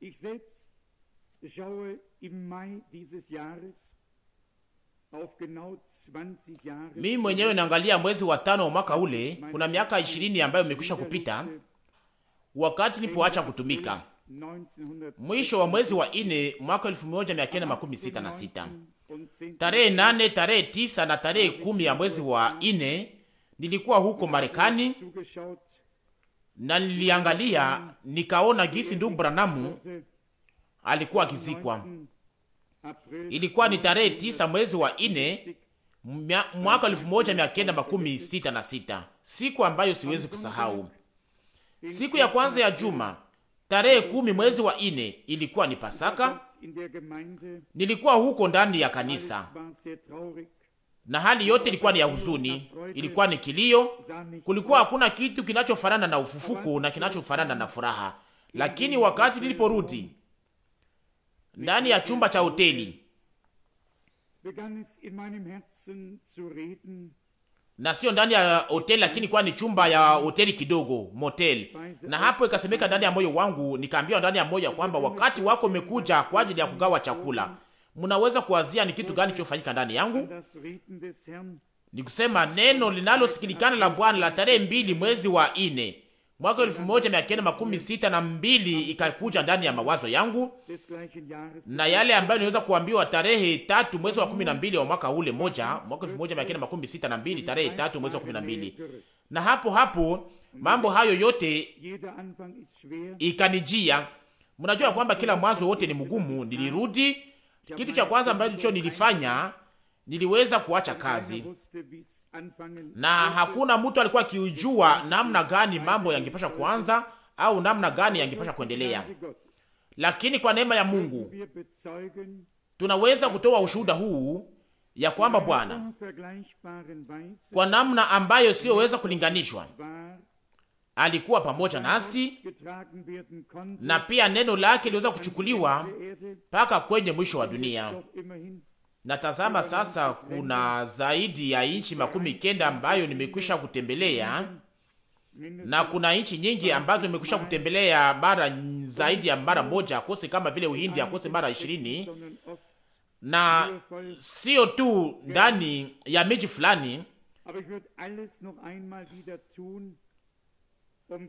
Ich selbst schaue im Mai dieses Jahres auf genau 20 Jahre. mimi mwenyewe naangalia mwezi wa tano wa mwaka ule, kuna miaka 20 ambayo imekwisha kupita wakati nilipoacha kutumika, mwisho wa mwezi wa ine mwaka elfu moja mia kenda makumi sita na sita tarehe nane tarehe tisa na tarehe kumi ya mwezi wa ine nilikuwa huko Marekani na niliangalia nikaona gisi ndugu Branamu alikuwa akizikwa. Ilikuwa ni tarehe tisa mwezi wa ine mwaka elfu moja mia kenda makumi sita na sita, siku ambayo siwezi kusahau. Siku ya kwanza ya juma tarehe kumi mwezi wa ine ilikuwa ni Pasaka. Nilikuwa huko ndani ya kanisa na hali yote ilikuwa ni ya huzuni, ilikuwa ni kilio. Kulikuwa hakuna kitu kinachofanana na ufufuko na kinachofanana na furaha. Lakini wakati niliporudi ndani ya chumba cha hoteli, na sio ndani ya hoteli, lakini kwa ni chumba ya hoteli kidogo, motel, na hapo ikasemeka ndani ya moyo wangu, nikaambiwa ndani ya moyo kwamba wakati wako umekuja kwa ajili ya kugawa chakula mnaweza kuwazia ni kitu gani chofanyika ndani yangu? Ni kusema neno linalosikilikana la Bwana la tarehe mbili mwezi wa ine mwaka elfu moja mia kenda makumi sita na mbili ikakuja ndani ya mawazo yangu, na yale ambayo niweza kuambiwa tarehe tatu mwezi wa kumi na mbili wa mwaka ule moja mwaka elfu moja mia kenda makumi sita na mbili tarehe tatu mwezi wa kumi na mbili na hapo hapo mambo hayo yote ikanijia. Mnajua kwamba kila mwanzo wote ni mgumu. Nilirudi kitu cha kwanza ambacho nilifanya, niliweza kuacha kazi, na hakuna mtu alikuwa akiujua namna gani mambo yangepasha kuanza au namna gani yangepasha kuendelea, lakini kwa neema ya Mungu tunaweza kutoa ushuhuda huu ya kwamba Bwana kwa namna ambayo siyoweza kulinganishwa alikuwa pamoja nasi, na pia neno lake liweza kuchukuliwa mpaka kwenye mwisho wa dunia. Natazama sasa, kuna zaidi ya nchi makumi kenda ambayo nimekwisha kutembelea na kuna nchi nyingi ambazo nimekwisha kutembelea mara zaidi ya mara moja, akose kama vile Uhindi, akose mara ishirini, na sio tu ndani ya miji fulani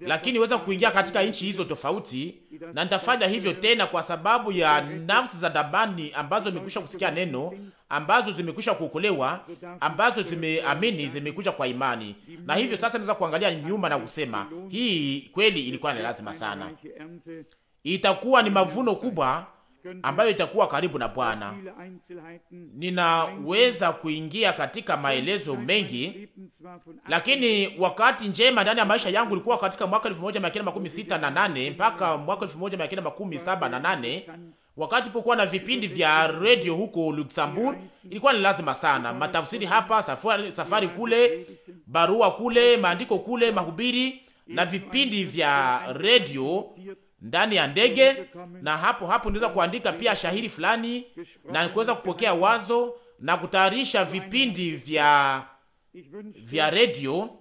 lakini weza kuingia katika nchi hizo tofauti, na nitafanya hivyo tena kwa sababu ya nafsi za damani ambazo zimekwisha kusikia neno, ambazo zimekwisha kuokolewa, ambazo zimeamini, zimekuja kwa imani. Na hivyo sasa naweza kuangalia nyuma na kusema hii kweli ilikuwa ni lazima sana, itakuwa ni mavuno kubwa ambayo itakuwa karibu na Bwana. Ninaweza kuingia katika maelezo mengi, lakini wakati njema ndani ya maisha yangu ilikuwa katika mwaka nane mpaka mwaka nane wakati pokuwa na vipindi vya redio huko Luxembourg, ilikuwa ni lazima sana matafsiri hapa, safari, safari kule, barua kule, maandiko kule, mahubiri na vipindi vya redio ndani ya ndege, na hapo hapo niweza kuandika pia shahiri fulani na kuweza kupokea wazo na kutayarisha vipindi vya vya redio.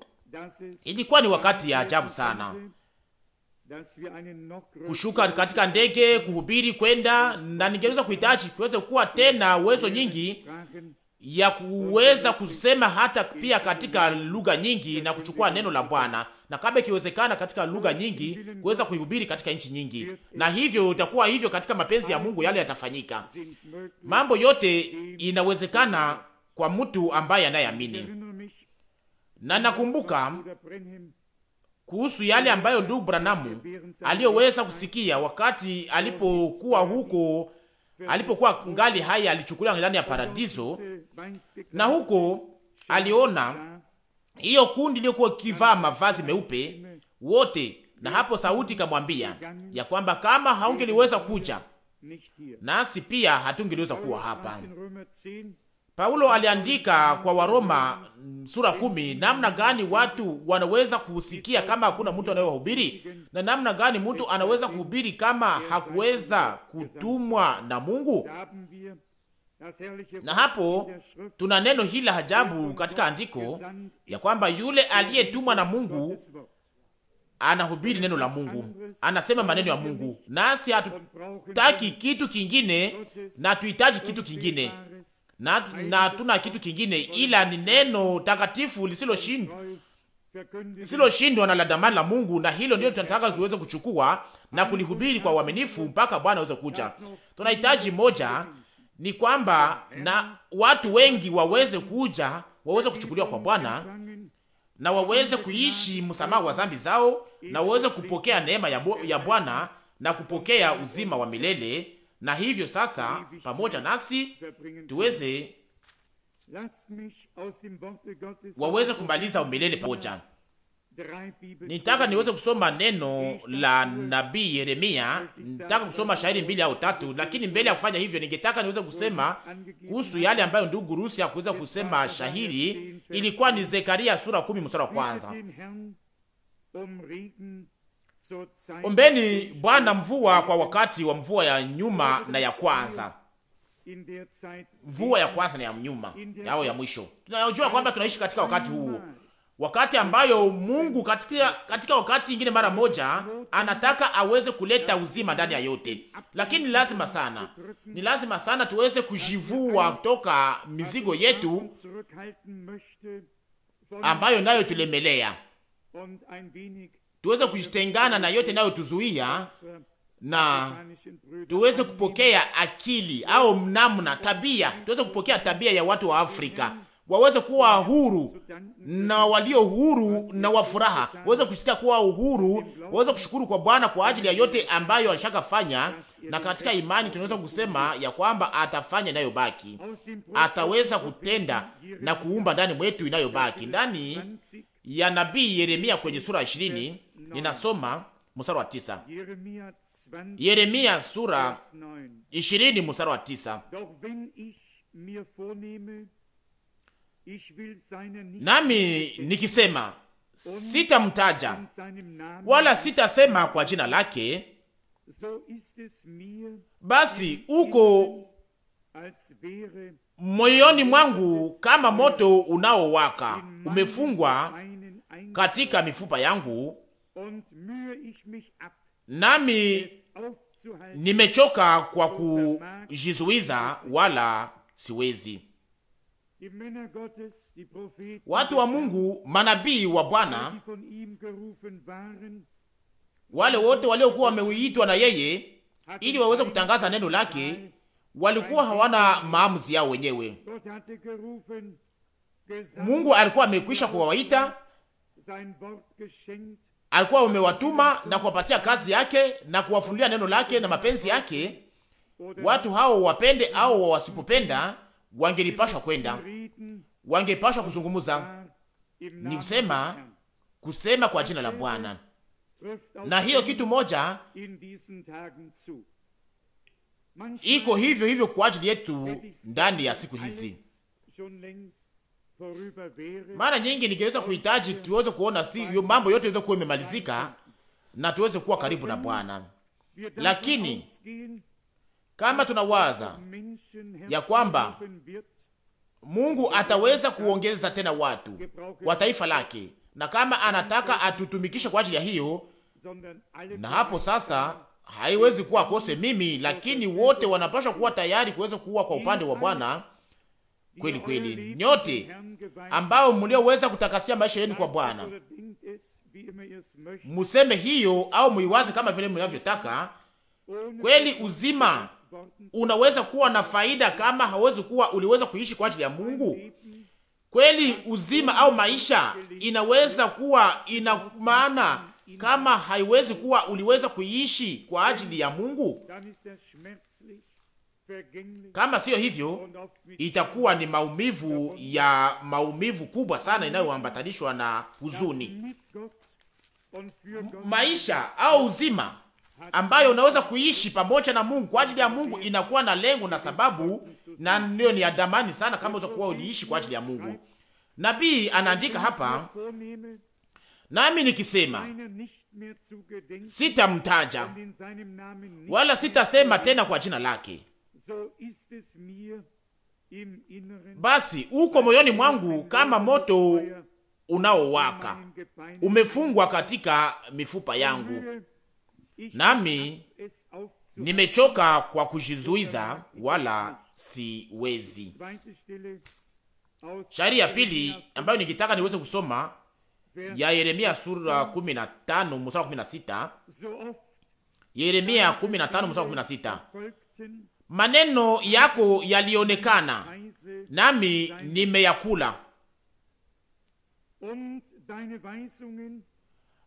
Ilikuwa ni wakati ya ajabu sana kushuka katika ndege, kuhubiri kwenda, na ningeweza kuhitaji kuweze kuwa tena uwezo nyingi ya kuweza kusema hata pia katika lugha nyingi na kuchukua neno la Bwana, na kama ikiwezekana katika lugha nyingi kuweza kuihubiri katika nchi nyingi, na hivyo itakuwa hivyo katika mapenzi ya Mungu, yale yatafanyika. Mambo yote inawezekana kwa mtu ambaye anayeamini. Na nakumbuka kuhusu yale ambayo ndugu Branamu aliyoweza kusikia wakati alipokuwa huko alipokuwa ngali hai alichukuliwa ndani ya paradiso, na huko aliona hiyo kundi iliyokuwa ikivaa mavazi meupe wote, na hapo sauti ikamwambia ya kwamba kama haungeliweza kuja nasi pia hatungeliweza kuwa hapa. Paulo aliandika kwa Waroma mm, sura kumi namna gani watu wanaweza kusikia kama hakuna mtu anayewahubiri na namna gani mtu anaweza kuhubiri kama hakuweza kutumwa na Mungu. Na hapo tuna neno hili la ajabu katika andiko ya kwamba yule aliyetumwa na Mungu anahubiri neno la Mungu, anasema maneno ya Mungu, nasi hatutaki kitu kingine na tuhitaji kitu kingine na tuna kitu kingine ila ni neno takatifu lisiloshindwa lisiloshindwa na la damani la Mungu, na hilo ndio tunataka tuweze kuchukua na kulihubiri kwa uaminifu mpaka Bwana aweze kuja. Tunahitaji moja ni kwamba na watu wengi waweze kuja, waweze kuchukuliwa kwa Bwana na waweze kuishi msamaha wa dhambi zao na waweze kupokea neema ya Bwana na kupokea uzima wa milele na hivyo sasa, pamoja nasi tuweze waweze kumaliza umilele pamoja. Nitaka niweze kusoma neno la nabii Yeremia. Nitaka kusoma shairi mbili au tatu, lakini mbele ya kufanya hivyo, ningetaka niweze kusema kuhusu yale ambayo ndugu Rusi hakuweza kusema. Shahiri ilikuwa ni Zekaria sura kumi mstari wa kwanza. Ombeni Bwana mvua kwa wakati wa mvua ya nyuma na ya kwanza, mvua ya kwanza na ya nyuma yao ya mwisho. Tunajua kwamba tunaishi katika wakati huo, wakati ambayo Mungu katika, katika wakati ingine mara moja anataka aweze kuleta uzima ndani ya yote, lakini ni lazima sana, ni lazima sana tuweze kujivua kutoka mizigo yetu ambayo nayo tulemelea tuweze kujitengana na yote inayotuzuia na tuweze kupokea akili au namna tabia, tuweze kupokea tabia ya watu wa Afrika waweze kuwa huru na walio huru na wa furaha, waweze kusikia kuwa uhuru, waweze kushukuru kwa Bwana kwa ajili ya yote ambayo alishakafanya. Na katika imani tunaweza kusema ya kwamba atafanya inayobaki, ataweza kutenda na kuumba ndani mwetu inayobaki, ndani ya nabii Yeremia kwenye sura ishirini ninasoma mstari wa tisa. Yeremia sura ishirini mstari wa tisa. Nami nikisema sitamtaja wala sitasema kwa jina lake, basi uko moyoni mwangu kama moto unaowaka umefungwa katika mifupa yangu nami nimechoka kwa kujizuiza, wala siwezi. Watu wa Mungu, manabii wa Bwana, wale wote waliokuwa wameitwa na yeye ili waweze kutangaza neno lake, walikuwa hawana maamuzi yao wenyewe. Mungu alikuwa amekwisha kuwaita alikuwa amewatuma na kuwapatia kazi yake na kuwafundia neno lake na mapenzi yake. Watu hao wapende au wasipopenda, wangelipashwa kwenda, wangepashwa kuzungumuza, ni kusema kusema kwa jina la Bwana. Na hiyo kitu moja iko hivyo hivyo kwa ajili yetu ndani ya siku hizi mara nyingi ningeweza kuhitaji tuweze kuona si mambo yote iweze kuwa imemalizika na tuweze kuwa karibu na Bwana, lakini kama tunawaza ya kwamba Mungu ataweza kuongeza tena watu wa taifa lake, na kama anataka atutumikishe kwa ajili ya hiyo, na hapo sasa haiwezi kuwa kose mimi, lakini wote wanapaswa kuwa tayari kuweza kuwa kwa upande wa Bwana kweli kweli, nyote ambao mlioweza kutakasia maisha yenu kwa Bwana, museme hiyo au muiwaze kama vile mnavyotaka. Kweli uzima unaweza kuwa na faida kama hawezi kuwa uliweza kuishi kwa ajili ya Mungu. Kweli uzima au maisha inaweza kuwa ina maana kama haiwezi kuwa uliweza kuishi kwa ajili ya Mungu, kama siyo hivyo, itakuwa ni maumivu ya maumivu kubwa sana inayoambatanishwa na huzuni. Maisha au uzima ambayo unaweza kuishi pamoja na Mungu kwa ajili ya Mungu inakuwa na lengo na sababu, na ndio ni adamani sana kama unaweza kuwa uliishi kwa ajili ya Mungu. Nabii anaandika hapa, nami nikisema sitamtaja wala sitasema tena kwa jina lake basi uko moyoni mwangu kama moto unaowaka umefungwa katika mifupa yangu, nami nimechoka kwa kujizuiza, wala siwezi. Shairi ya pili ambayo nikitaka niweze kusoma ya Yeremia sura 15 mstari 16. Yeremia 15 mstari 16 maneno yako yalionekana, nami nimeyakula,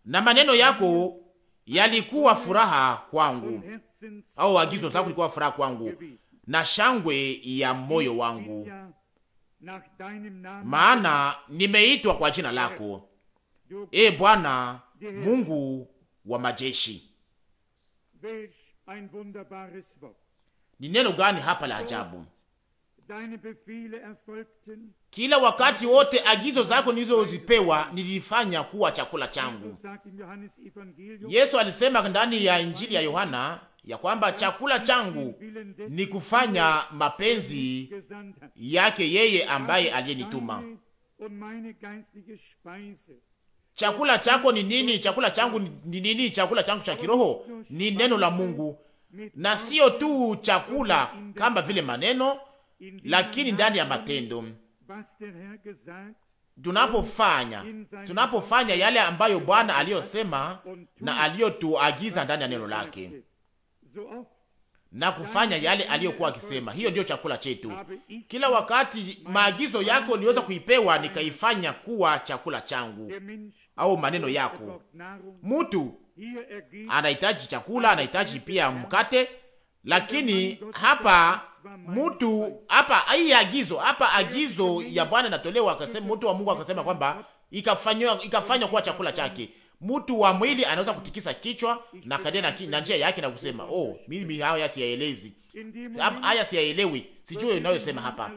na maneno yako yalikuwa furaha kwangu, au agizo zako likuwa furaha kwangu na shangwe ya moyo wangu, maana nimeitwa kwa jina lako, e Bwana Mungu wa majeshi. Ni neno gani hapa la ajabu! Kila wakati wote agizo zako nilizozipewa nilifanya kuwa chakula changu. Yesu alisema ndani ya Injili ya Yohana ya kwamba chakula changu ni kufanya mapenzi yake yeye ambaye aliyenituma. Chakula chako ni nini? Chakula changu ni nini? Chakula changu cha kiroho ni neno la Mungu na sio tu chakula kama vile maneno, lakini ndani ya matendo tunapofanya tunapofanya yale ambayo Bwana aliyosema na aliyotuagiza ndani ya neno lake na kufanya yale aliyokuwa akisema, hiyo ndiyo chakula chetu. Kila wakati maagizo yako niweza kuipewa nikaifanya kuwa chakula changu au maneno yako. Mtu anahitaji chakula, anahitaji pia mkate. Lakini hapa mtu hapa, hii agizo hapa, agizo ya Bwana inatolewa, akasema mtu wa Mungu akasema kwamba ikafanywa ikafanywa kuwa chakula chake. Mtu wa mwili anaweza kutikisa kichwa na kadia na, na njia yake na kusema oh, mimi haya siyaelezi, haya siyaelewi, sijui unayosema hapa.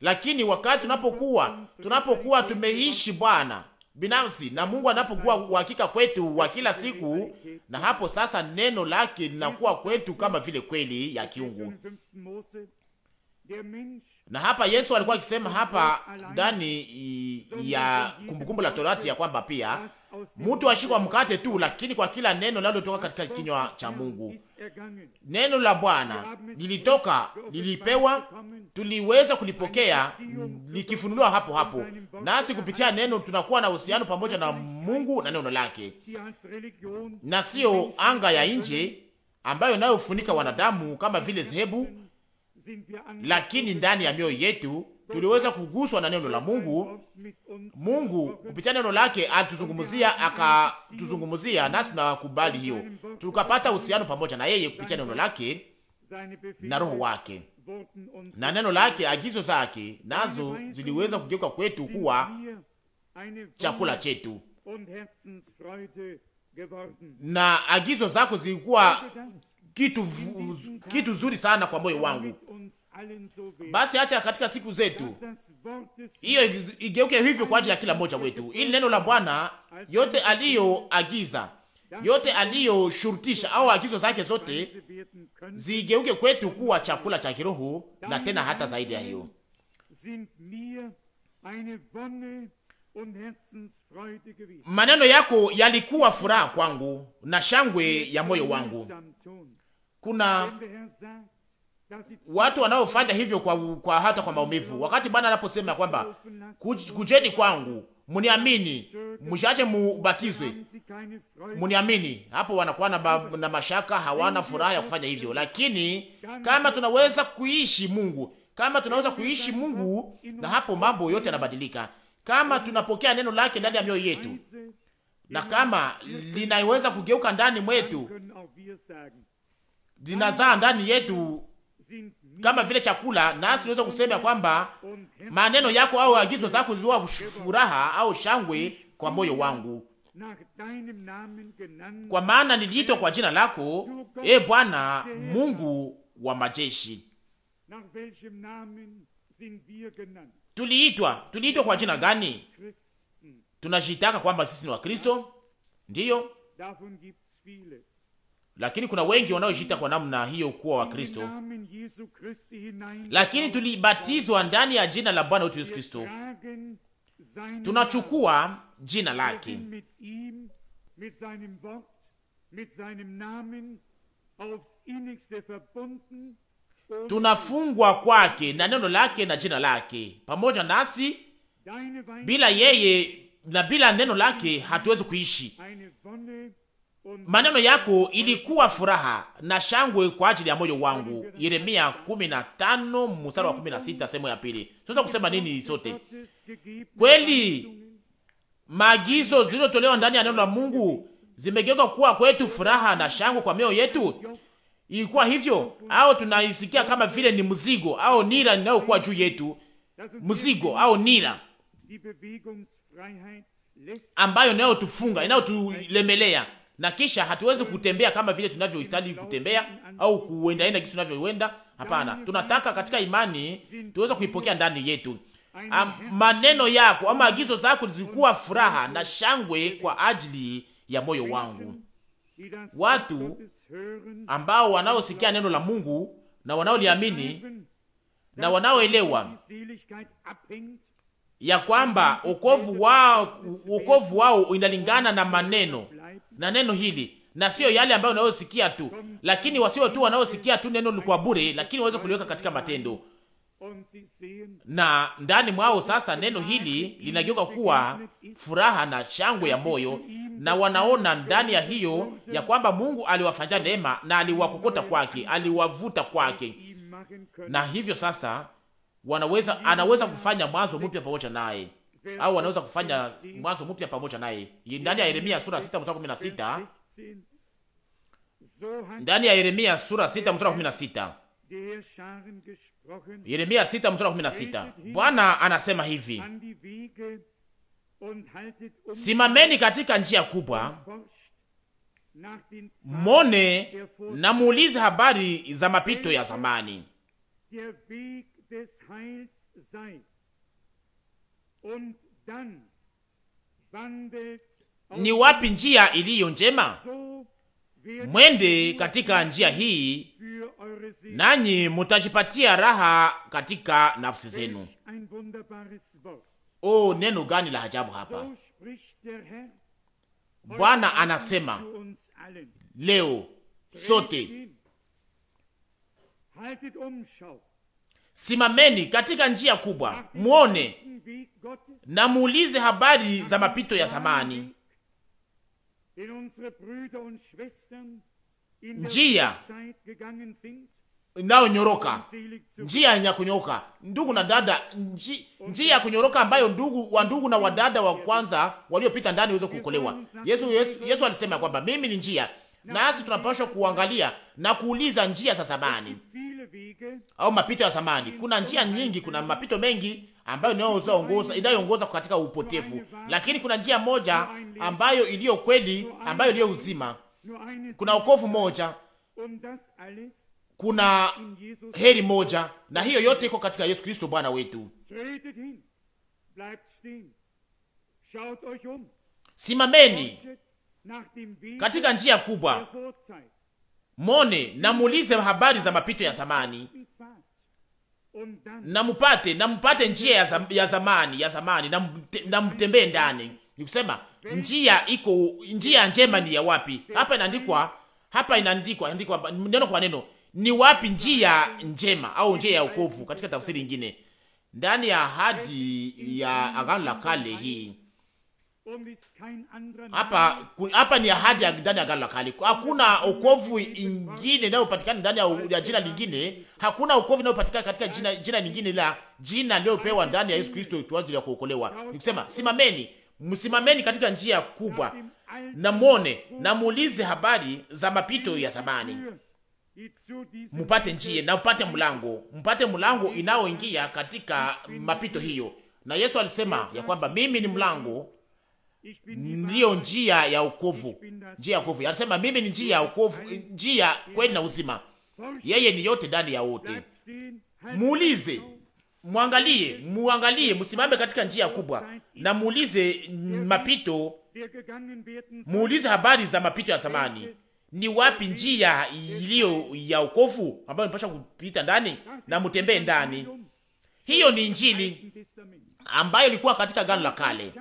Lakini wakati tunapokuwa tunapokuwa tumeishi Bwana binafsi na Mungu anapokuwa uhakika kwetu wa kila siku, na hapo sasa neno lake linakuwa kwetu kama vile kweli ya kiungu. Na hapa Yesu alikuwa akisema hapa ndani ya Kumbukumbu la Torati ya kwamba pia mtu ashikwa mkate tu, lakini kwa kila neno linalotoka katika kinywa cha Mungu. Neno la Bwana lilitoka, lilipewa, tuliweza kulipokea likifunuliwa hapo hapo, nasi kupitia neno tunakuwa na uhusiano pamoja na Mungu na neno lake, na siyo anga ya nje ambayo inayofunika wanadamu kama vile zehebu, lakini ndani ya mioyo yetu tuliweza kuguswa na neno la Mungu. Mungu kupitia neno lake atuzungumzia, akatuzungumzia, nasi tunakubali hiyo, tukapata uhusiano pamoja na yeye kupitia neno lake na roho wake na neno lake, agizo zake nazo ziliweza kugeuka kwetu kuwa chakula chetu, na agizo zako zilikuwa kitu, kitu zuri sana kwa moyo wangu. Basi acha katika siku zetu hiyo igeuke hivyo kwa ajili ya kila mmoja wetu, ili neno la Bwana yote aliyoagiza, yote aliyoshurutisha, au agizo zake zote zigeuke kwetu kuwa chakula cha kiroho, na tena hata zaidi ya hiyo maneno yako yalikuwa furaha kwangu na shangwe ya moyo wangu kuna watu wanaofanya hivyo kwa, kwa hata kwa maumivu. Wakati Bwana anaposema kwamba kujeni kwangu muniamini, mshache mubatizwe, mniamini, hapo wanakuwa na, na mashaka, hawana furaha ya kufanya hivyo. Lakini kama tunaweza kuishi Mungu, kama tunaweza kuishi Mungu, na hapo mambo yote yanabadilika, kama tunapokea neno lake ndani ya mioyo yetu na kama linaweza kugeuka ndani mwetu zinazaa ndani yetu kama vile chakula, nasi tunaweza kusema kwamba maneno yako au agizo zako ziliwa furaha au shangwe kwa moyo wangu, kwa maana niliitwa kwa jina lako, e Bwana Mungu wa majeshi. Tuliitwa, tuliitwa kwa jina gani? Tunajitaka kwamba sisi ni Wakristo, ndiyo lakini kuna wengi wanaojiita kwa namna hiyo kuwa Wakristo, lakini tulibatizwa ndani ya jina la Bwana wetu Yesu Kristo, tunachukua jina lake tunafungwa kwake na neno lake na jina lake pamoja nasi. Bila yeye na bila neno lake hatuwezi kuishi maneno yako ilikuwa furaha na shangwe kwa ajili ya moyo wangu. Yeremia 15 mstari wa 16, sehemu ya pili. Tunaweza kusema nini sote? Kweli maagizo zilizotolewa ndani ya neno la Mungu zimegeuka kuwa kwetu furaha na shangwe kwa mioyo yetu. Ilikuwa hivyo au tunaisikia kama vile ni mzigo au nira inayokuwa juu yetu, mzigo au nira ambayo inayotufunga inayotulemelea na kisha hatuwezi kutembea kama vile tunavyohitaji kutembea au kuendaenda jinsi tunavyoenda. Hapana, tunataka katika imani tuweze kuipokea ndani yetu. Am, maneno yako ama agizo zako zilikuwa furaha na shangwe kwa ajili ya moyo wangu. Watu ambao wanaosikia neno la Mungu na wanaoliamini na wanaoelewa ya kwamba wokovu wao, wokovu wao inalingana na maneno na neno hili na sio yale ambayo unayosikia tu, lakini wasio tu wanaosikia tu neno kwa bure, lakini waweze kuliweka katika matendo, na ndani mwao sasa neno hili linageuka kuwa furaha na shangwe ya moyo, na wanaona ndani ya hiyo ya kwamba Mungu aliwafanyia neema na aliwakokota kwake, aliwavuta kwake, na hivyo sasa wanaweza anaweza kufanya mwanzo mpya pamoja naye au wanaweza kufanya mwanzo mpya pamoja naye. Ndani ya Yeremia sura 6 mstari wa 16, ndani ya Yeremia sura 6 mstari wa 16, Yeremia 6 mstari wa 16, Bwana anasema hivi: simameni katika njia kubwa mone na muulize habari za mapito ya zamani ni wapi njia iliyo njema? Mwende katika njia hii, nanyi mutajipatia raha katika nafsi zenu. Oh, neno gani la ajabu hapa! Bwana anasema leo sote, simameni katika njia kubwa, mwone na muulize habari za mapito ya zamani, njia inayonyoroka, um njia ya kunyoka, ndugu na dada, njia ya kunyoroka ambayo ndugu wa ndugu na wadada wa kwanza waliopita ndani waweze kuokolewa. Yesu, Yesu, Yesu alisema kwamba mimi ni njia, nasi tunapaswa kuangalia na kuuliza njia za zamani au mapito ya zamani. Kuna njia nyingi, kuna mapito mengi ambayo inayoongoza inayoongoza katika upotevu, lakini kuna njia moja ambayo iliyo kweli, ambayo iliyo uzima. Kuna wokovu moja, kuna heri moja, na hiyo yote iko katika Yesu Kristo Bwana wetu. Um. Simameni katika njia kubwa mone na habari za mapito ya zamani, na mupate na mupate njia ya, zam, ya zamani ya zamani, na, na mtembee ndani. Nikusema njia iko njia njema ni ya wapi? Hapa inaandikwa hapa inaandikwa andikwa neno kwa neno, ni wapi njia njema au njia ya ukovu katika tafsiri nyingine ndani ya ahadi ya Agano la Kale hii hapa hapa ni ahadi ya ndani ya agano la kale. Hakuna wokovu ingine inayopatikana ndani ya jina lingine, hakuna wokovu inayopatikana katika jina jina lingine la jina lililopewa ndani ya Yesu Kristo kwa ajili ya kuokolewa. Nikusema simameni, msimameni katika njia kubwa, na muone na muulize habari za mapito ya zamani, mupate njia na mpate mlango, mpate mlango inaoingia katika mapito hiyo. Na Yesu alisema ya kwamba mimi ni mlango ndiyo njia ya ukovu, njia ya ukovu. Anasema mimi ni njia ya ukovu, njia kweli na uzima, yeye ni yote ndani ya wote. Muulize, mwangalie, muangalie, msimame katika njia kubwa na muulize mapito, muulize habari za mapito ya zamani. Ni wapi njia iliyo ya ukovu ambayo mpasha kupita ndani na mutembee ndani? Hiyo ni Injili ambayo ilikuwa katika gano la Kale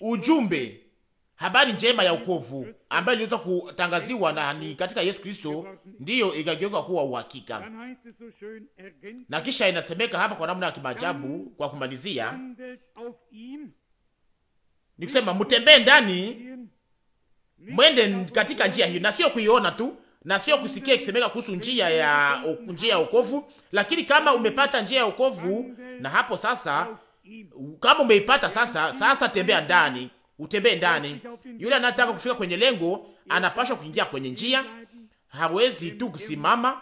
ujumbe habari njema ya ukovu ambayo iliweza kutangaziwa na ni katika Yesu Kristo, ndiyo ikageuka kuwa uhakika. Na kisha inasemeka hapa kwa namna ya kimaajabu, kwa kumalizia ni kusema mtembee ndani, mwende katika njia hiyo, na sio kuiona tu na sio kusikia ikisemeka kuhusu njia ya njia ya ukovu, lakini kama umepata njia ya ukovu na hapo sasa kama umeipata sasa, sasa tembea ndani, utembee ndani. Yule anataka kufika kwenye lengo, anapashwa kuingia kwenye njia, hawezi tu kusimama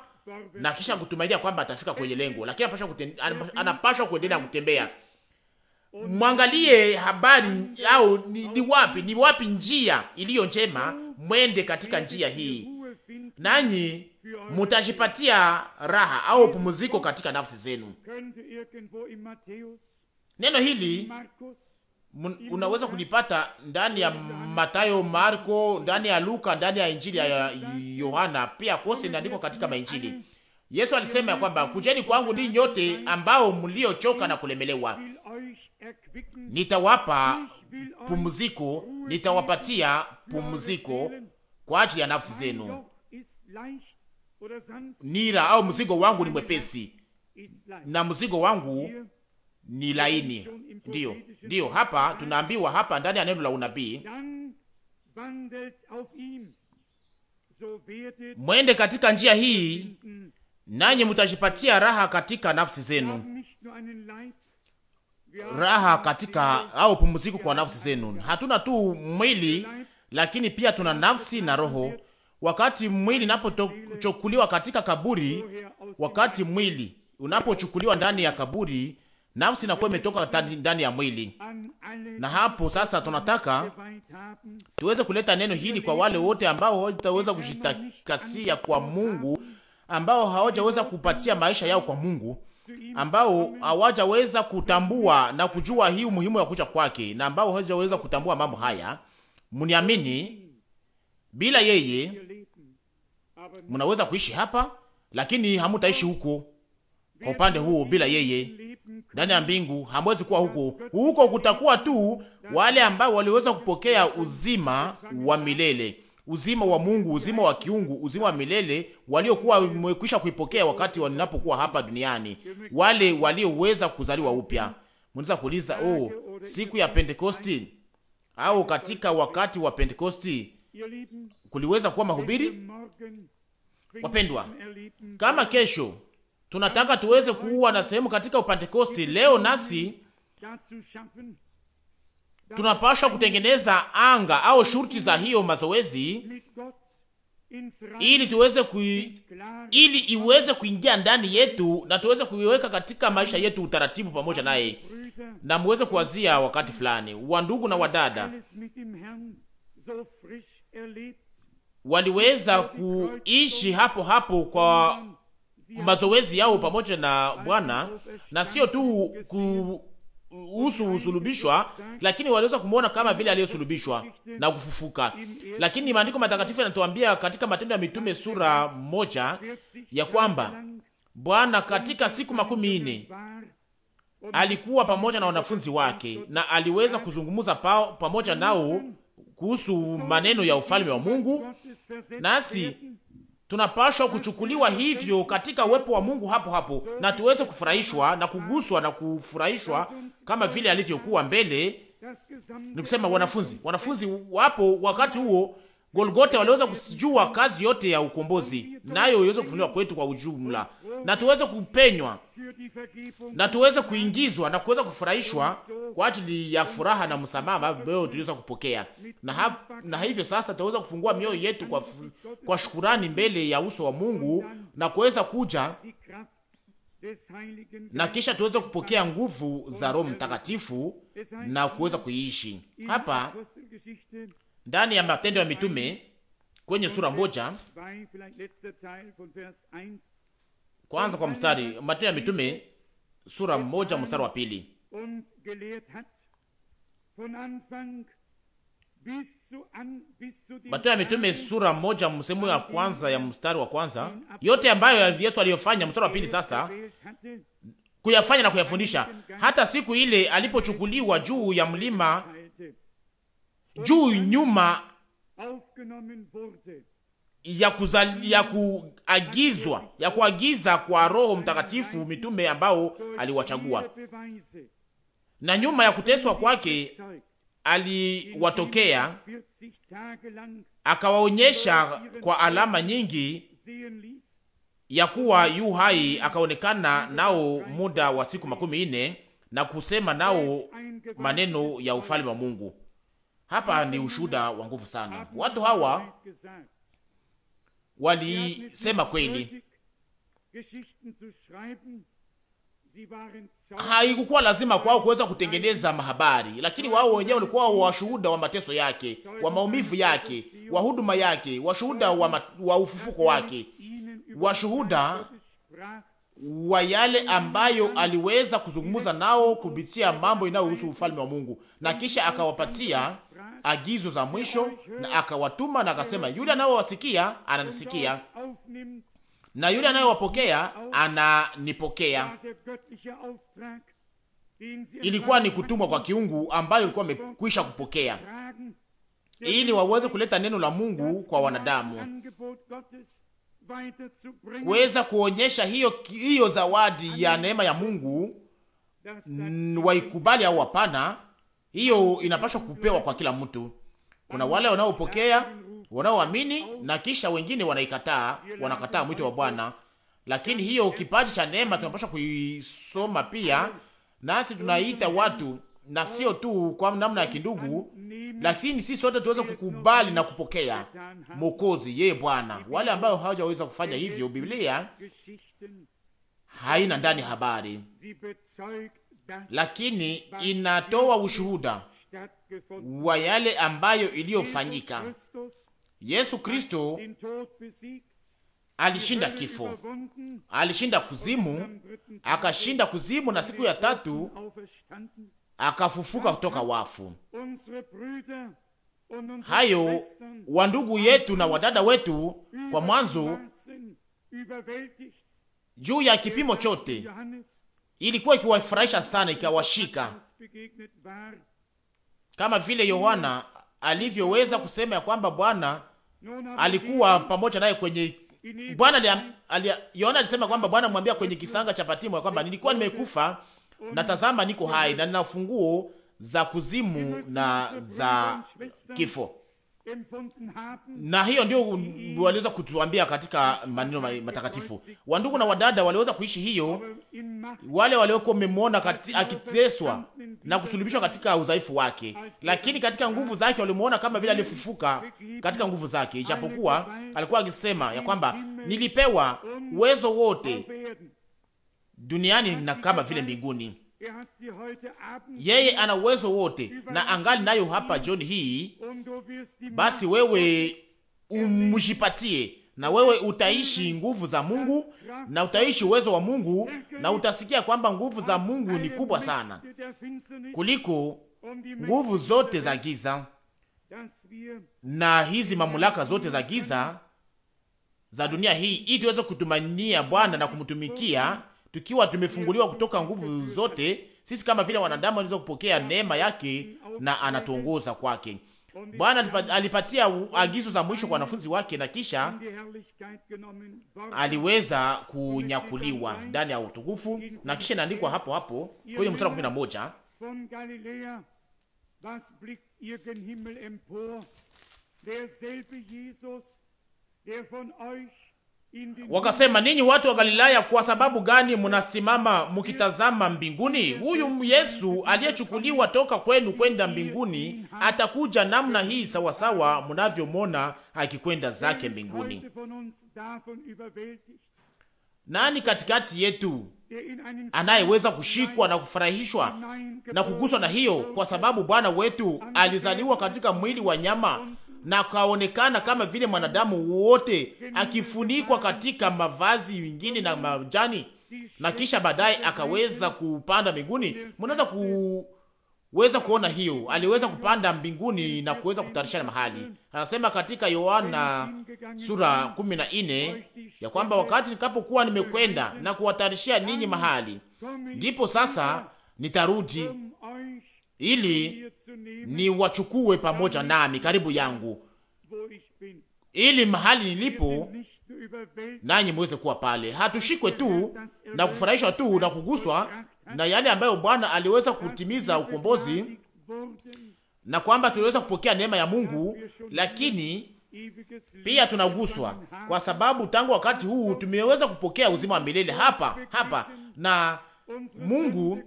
na kisha kutumainia kwamba atafika kwenye lengo, lakini anapashwa anapashwa kuendelea kutembea. Mwangalie habari au ni, ni wapi ni wapi njia iliyo njema, mwende katika njia hii, nanyi mutajipatia raha au pumziko katika nafsi zenu. Neno hili unaweza kulipata ndani ya Matayo, Marko, ndani ya Luka, ndani ya Injili ya Yohana, pia kose inaandikwa katika mainjili. Yesu alisema ya kwamba kujeni kwangu ninyi nyote ambao mliochoka na kulemelewa, nitawapa pumziko, nitawapatia pumziko kwa ajili ya nafsi zenu. Nira au mzigo wangu ni mwepesi na mzigo wangu ni laini. Ndio, ndio, hapa tunaambiwa hapa ndani ya neno la unabii mwende katika njia hii nanyi mtajipatia raha katika nafsi zenu, raha katika au pumziko kwa nafsi zenu. Hatuna tu mwili, lakini pia tuna nafsi na roho. Wakati mwili inapochukuliwa katika kaburi, wakati mwili unapochukuliwa ndani ya kaburi nafsi inakuwa imetoka ndani ya mwili. Na hapo sasa, tunataka tuweze kuleta neno hili kwa wale wote ambao hawajaweza kushitakasia kwa Mungu, ambao hawajaweza kupatia maisha yao kwa Mungu, ambao hawajaweza kutambua na kujua hii umuhimu ya kucha kwake, na ambao hawajaweza kutambua mambo haya. Mniamini, bila yeye mnaweza kuishi hapa, lakini hamutaishi huko. Kwa upande huo, bila yeye ndani ya mbingu hamwezi kuwa huko. Huko kutakuwa tu wale ambao waliweza kupokea uzima wa milele, uzima wa Mungu, uzima wa kiungu, uzima wa milele, waliokuwa wamekwisha kuipokea wakati wanapokuwa hapa duniani, wale walioweza kuzaliwa upya. Mnaweza kuuliza, oh, siku ya Pentekosti au katika wakati wa Pentekosti kuliweza kuwa mahubiri? Wapendwa, kama kesho tunataka tuweze kuwa na sehemu katika upentekosti leo, nasi tunapasha kutengeneza anga au shurti za hiyo mazoezi ili tuweze kui, ili iweze kuingia ndani yetu na tuweze kuiweka katika maisha yetu utaratibu pamoja naye, na muweze kuwazia wakati fulani. Wandugu na wadada waliweza kuishi hapo hapo kwa mazoezi yao pamoja na Bwana, na sio tu kuhusu usulubishwa, lakini waliweza kumwona kama vile aliyesulubishwa na kufufuka. Lakini maandiko matakatifu yanatuambia katika Matendo ya Mitume sura moja ya kwamba Bwana katika siku makumi nne alikuwa pamoja na wanafunzi wake na aliweza kuzungumza pao, pamoja nao kuhusu maneno ya ufalme wa Mungu. Nasi tunapashwa kuchukuliwa hivyo katika uwepo wa Mungu hapo hapo, na tuweze kufurahishwa na kuguswa na kufurahishwa kama vile alivyokuwa mbele. Nikusema wanafunzi, wanafunzi wapo wakati huo Golgotha waliweza kujua kazi yote ya ukombozi, nayo iweze kufunuliwa kwetu kwa ujumla, na tuweze kupenywa na tuweze kuingizwa na kuweza kufurahishwa kwa ajili ya furaha na msamaha ambao tuliweza kupokea, na, ha, na hivyo sasa tutaweza kufungua mioyo yetu kwa, kwa shukurani mbele ya uso wa Mungu na kuweza kuja na kisha tuweze kupokea nguvu za Roho Mtakatifu na kuweza kuiishi hapa ndani ya Matendo ya Mitume kwenye sura moja kwanza kwa mstari, Matendo ya Mitume sura moja mstari wa pili Matendo ya Mitume sura moja msemo ya kwanza ya mstari wa kwanza, yote ambayo Yesu aliyofanya. Mstari wa pili sasa kuyafanya na kuyafundisha hata siku ile alipochukuliwa juu ya mlima juu nyuma ya kuzal, ya kuagizwa ya kuagiza kwa Roho Mtakatifu mitume ambao aliwachagua, na nyuma ya kuteswa kwake aliwatokea akawaonyesha kwa alama nyingi ya kuwa yu hai, akaonekana nao muda wa siku makumi nne na kusema nao maneno ya ufalme wa Mungu. Hapa ni ushuhuda wa nguvu sana. Watu hawa walisema kweli, haikukuwa lazima kwao kuweza kutengeneza mahabari, lakini wao wenyewe walikuwa washuhuda wa mateso yake, wa maumivu yake, wa huduma yake, washuhuda wa, wa ufufuko wake, washuhuda wa yale ambayo aliweza kuzungumza nao kupitia mambo inayohusu ufalme wa Mungu, na kisha akawapatia agizo za mwisho, na akawatuma na akasema, yule anayowasikia ananisikia na yule anayewapokea ananipokea. Ilikuwa ni kutumwa kwa kiungu ambayo ilikuwa amekwisha kupokea, ili waweze kuleta neno la Mungu kwa wanadamu, kuweza kuonyesha hiyo hiyo zawadi ya neema ya Mungu, waikubali au hapana hiyo inapaswa kupewa kwa kila mtu. Kuna wale wanaopokea wanaoamini, na kisha wengine wanaikataa, wanakataa mwito wa Bwana. Lakini hiyo kipaji cha neema tunapaswa kuisoma pia, nasi tunaita watu na sio tu kwa namna ya kindugu, lakini sisi sote tuweze kukubali na kupokea Mwokozi yeye Bwana. Wale ambao hawajaweza kufanya hivyo, Biblia haina ndani habari lakini inatoa ushuhuda wa yale ambayo iliyofanyika. Yesu Kristo alishinda kifo, alishinda kuzimu, akashinda kuzimu, na siku ya tatu akafufuka kutoka wafu. Hayo wandugu yetu na wadada wetu kwa mwanzo juu ya kipimo chote ilikuwa ikiwafurahisha sana, ikawashika kama vile Yohana alivyoweza kusema ya kwamba Bwana alikuwa pamoja naye kwenye Bwana alia, Yohana alisema kwamba Bwana mwambia kwenye kisanga cha Patimo ya kwamba nilikuwa nimekufa na tazama niko hai na nina funguo za kuzimu na za kifo na hiyo ndio waliweza kutuambia katika maneno matakatifu. Wandugu na wadada waliweza kuishi hiyo, wale waliokuwa wamemwona akiteswa na kusulubishwa katika udhaifu wake, lakini katika nguvu zake walimwona kama vile alifufuka katika nguvu zake, ijapokuwa alikuwa akisema ya kwamba nilipewa uwezo wote duniani na kama vile mbinguni. Er Yeye ana uwezo wote na angali nayo hapa John hii. Basi wewe umjipatie, na wewe utaishi nguvu za Mungu na utaishi uwezo wa Mungu, er na utasikia kwamba nguvu za Mungu ni kubwa sana kuliko um nguvu zote za giza na hizi mamlaka zote za giza za dunia hii, ili tuweze kutumania Bwana na kumtumikia tukiwa tumefunguliwa kutoka nguvu zote, sisi kama vile wanadamu wanaweza kupokea neema yake na anatuongoza kwake. Bwana alipatia agizo za mwisho kwa wanafunzi wake na kisha aliweza kunyakuliwa ndani ya utukufu, na kisha inaandikwa hapo hapo kwenye mstari wa 11 empor derselbe Jesus der von euch Wakasema, ninyi watu wa Galilaya, kwa sababu gani mnasimama mkitazama mbinguni? Huyu Yesu aliyechukuliwa toka kwenu kwenda mbinguni atakuja namna hii sawasawa mnavyomwona akikwenda zake mbinguni. Nani katikati yetu anayeweza kushikwa na kufurahishwa na kuguswa na hiyo? Kwa sababu Bwana wetu alizaliwa katika mwili wa nyama na kaonekana kama vile mwanadamu wote akifunikwa katika mavazi mengine na majani, na kisha baadaye akaweza kupanda mbinguni. Mnaweza kuweza kuona hiyo, aliweza kupanda mbinguni na kuweza kutarisha mahali. Anasema katika Yohana sura kumi na ya kwamba wakati nikapokuwa nimekwenda na kuwatarishia ninyi mahali, ndipo sasa nitarudi ili ni wachukue pamoja nami karibu yangu, ili mahali nilipo nanyi muweze kuwa pale. Hatushikwe tu na kufurahishwa tu na kuguswa na yale ambayo Bwana aliweza kutimiza ukombozi, na kwamba tuliweza kupokea neema ya Mungu, lakini pia tunaguswa kwa sababu tangu wakati huu tumeweza kupokea uzima wa milele hapa hapa, na Mungu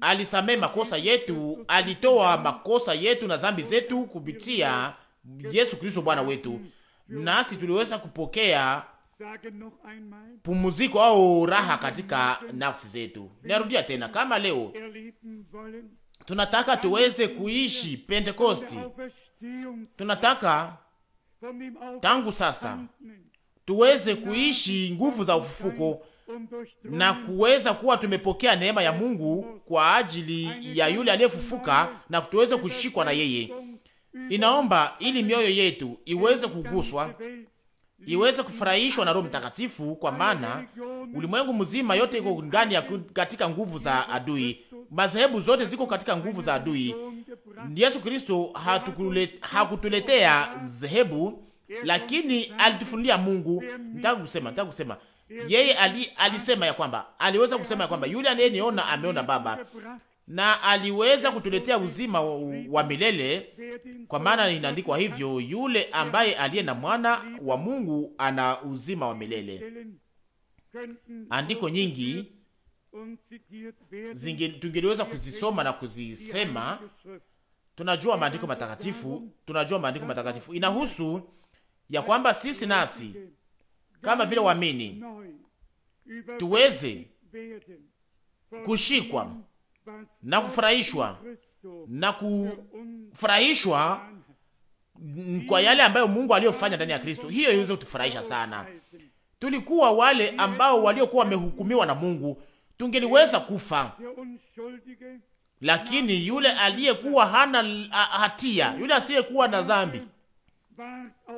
alisamehe makosa yetu, alitoa makosa yetu na zambi zetu kupitia Yesu Kristo Bwana wetu, nasi tuliweza kupokea pumuziko au raha katika nafsi zetu. Narudia tena, kama leo tunataka tuweze kuishi Pentekosti, tunataka tangu sasa tuweze kuishi nguvu za ufufuko na kuweza kuwa tumepokea neema ya Mungu kwa ajili ya yule aliyefufuka na tuweze kushikwa na yeye. Inaomba ili mioyo yetu iweze kuguswa, iweze kufurahishwa na Roho Mtakatifu, kwa maana ulimwengu mzima yote iko ndani ya katika nguvu za adui, madhehebu zote ziko katika nguvu za adui. Yesu Kristo hakutuletea dhehebu, lakini alitufundia Mungu. Nitaka kusema nitaka kusema yeye ali, alisema ya kwamba aliweza kusema ya kwamba yule anayeniona ameona Baba, na aliweza kutuletea uzima wa milele, kwa maana inaandikwa hivyo, yule ambaye aliye na mwana wa Mungu ana uzima wa milele. Andiko nyingi tungeliweza kuzisoma na kuzisema. Tunajua maandiko matakatifu, tunajua maandiko matakatifu inahusu ya kwamba sisi nasi kama vile waamini tuweze kushikwa na kufurahishwa na kufurahishwa kwa yale ambayo Mungu aliyofanya ndani ya Kristo. Hiyo iweze kutufurahisha sana. Tulikuwa wale ambao waliokuwa wamehukumiwa na Mungu, tungeliweza kufa, lakini yule aliyekuwa hana hatia, yule asiyekuwa na dhambi,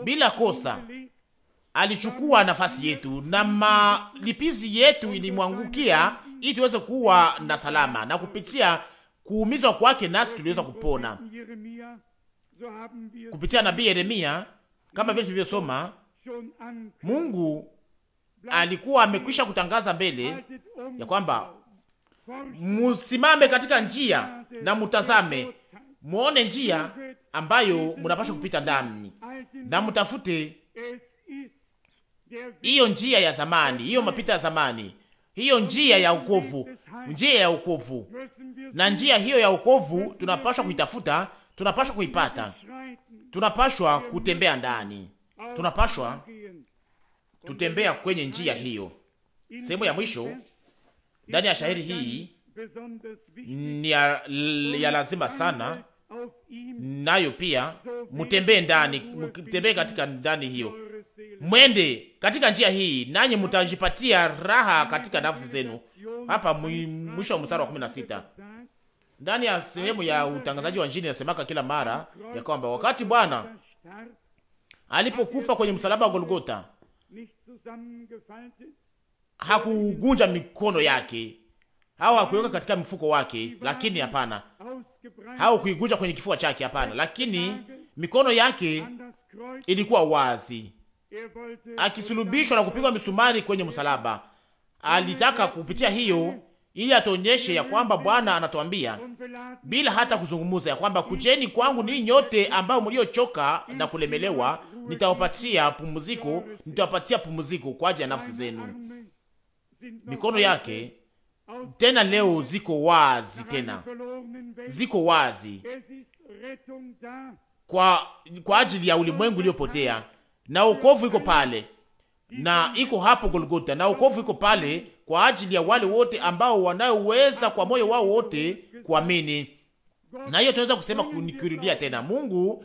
bila kosa, alichukua nafasi yetu na malipizi yetu ilimwangukia ili tuweze kuwa na salama, na kupitia kuumizwa kwake nasi tuliweza kupona. Kupitia nabii Yeremia, kama vile tulivyosoma, Mungu alikuwa amekwisha kutangaza mbele ya kwamba musimame katika njia na mutazame, muone njia ambayo munapasha kupita ndani na mutafute hiyo njia ya zamani, hiyo mapita ya zamani, hiyo njia ya ukovu, njia ya ukovu. Na njia hiyo ya ukovu tunapashwa kuitafuta, tunapashwa kuipata, tunapashwa kutembea ndani, tunapashwa tutembea kwenye njia hiyo. Sehemu ya mwisho ndani ya shahiri hii ni ya, ya lazima sana nayo pia mutembee ndani, mtembee katika ndani hiyo mwende katika njia hii nanyi mtajipatia raha katika nafsi zenu. Hapa mwisho wa mstari wa 16 ndani ya sehemu ya utangazaji wa njini inasemaka kila mara ya kwamba wakati Bwana alipokufa kwenye msalaba wa Golgota hakugunja mikono yake au hakuweka katika mfuko wake, lakini hapana, au kuigunja kwenye kifua chake, hapana, lakini mikono yake ilikuwa wazi akisulubishwa na kupigwa misumari kwenye msalaba. Alitaka kupitia hiyo ili atuonyeshe ya kwamba Bwana anatuambia bila hata kuzungumza ya kwamba kujeni kwangu ninyi nyote ambao mliochoka na kulemelewa, nitawapatia pumziko, nitawapatia pumziko kwa ajili ya nafsi zenu. Mikono yake tena leo ziko wazi, tena ziko wazi kwa, kwa ajili ya ulimwengu uliopotea na ukovu iko pale na iko hapo Golgotha, na ukovu iko pale kwa ajili ya wale wote ambao wanaoweza kwa moyo wao wote kuamini. Na hiyo tunaweza kusema kunikurudia tena, Mungu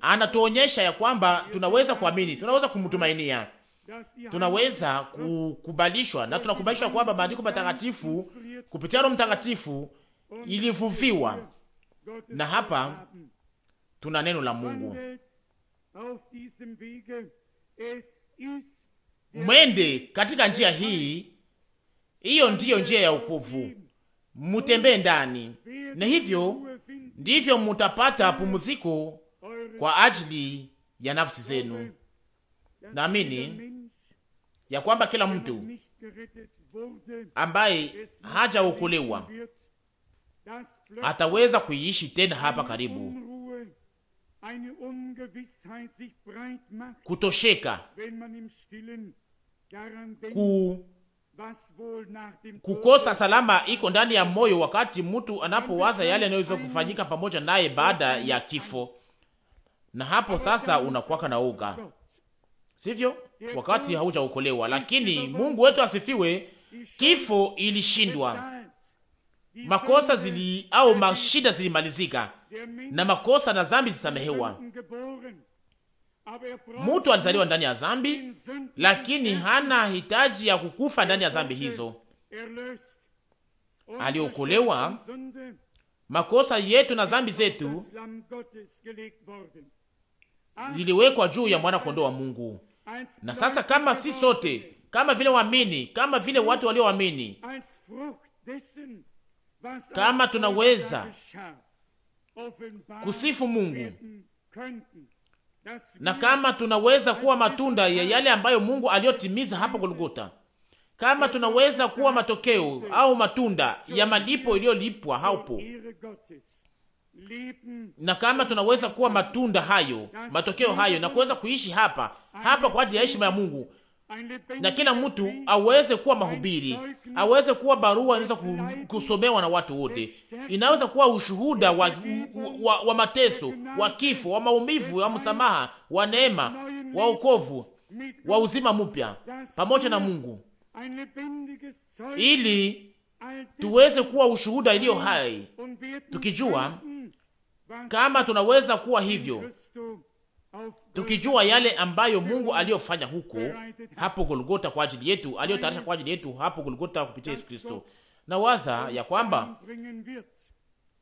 anatuonyesha ya kwamba tunaweza kuamini, tunaweza kumtumainia, tunaweza kukubalishwa, na tunakubalishwa kwamba maandiko matakatifu kupitia Roho Mtakatifu ilivuviwa, na hapa tuna neno la Mungu mwende katika njia hii. Hiyo ndiyo njia ya upovu, mutembee ndani, na hivyo ndivyo mutapata pumziko kwa ajili ya nafsi zenu. Naamini ya kwamba kila mtu ambaye hajaokolewa ataweza kuiishi tena hapa karibu kutosheka, ku kukosa salama iko ndani ya moyo wakati mtu anapowaza yale yanayoweza kufanyika pamoja naye baada ya kifo, na hapo sasa unakuwaka na uga, sivyo? Wakati haujaokolewa. Lakini Mungu wetu asifiwe, kifo ilishindwa makosa zili au mashida zilimalizika na makosa na zambi zisamehewa. Mtu alizaliwa ndani ya zambi, lakini hana hitaji ya kukufa ndani ya zambi hizo. Aliokolewa makosa yetu na zambi zetu ziliwekwa juu ya mwana kondoo wa Mungu. Na sasa kama si sote, kama vile waamini, kama vile watu walioamini kama tunaweza kusifu Mungu na kama tunaweza kuwa matunda ya yale ambayo Mungu aliyotimiza hapa Golgota, kama tunaweza kuwa matokeo au matunda ya malipo iliyolipwa hapo, na kama tunaweza kuwa matunda hayo, matokeo hayo, na kuweza kuishi hapa hapa kwa ajili ya heshima ya Mungu, na kila mtu aweze kuwa mahubiri, aweze kuwa barua inaweza kusomewa na watu wote, inaweza kuwa ushuhuda wa, wa, wa mateso, wa kifo, wa maumivu, wa msamaha, wa neema, wa ukovu wa uzima mpya pamoja na Mungu, ili tuweze kuwa ushuhuda iliyo hai, tukijua kama tunaweza kuwa hivyo tukijua yale ambayo Mungu aliyofanya huko hapo Golgota kwa ajili yetu, aliyotayarisha kwa ajili yetu hapo Golgota kupitia Yesu Kristo, na waza ya kwamba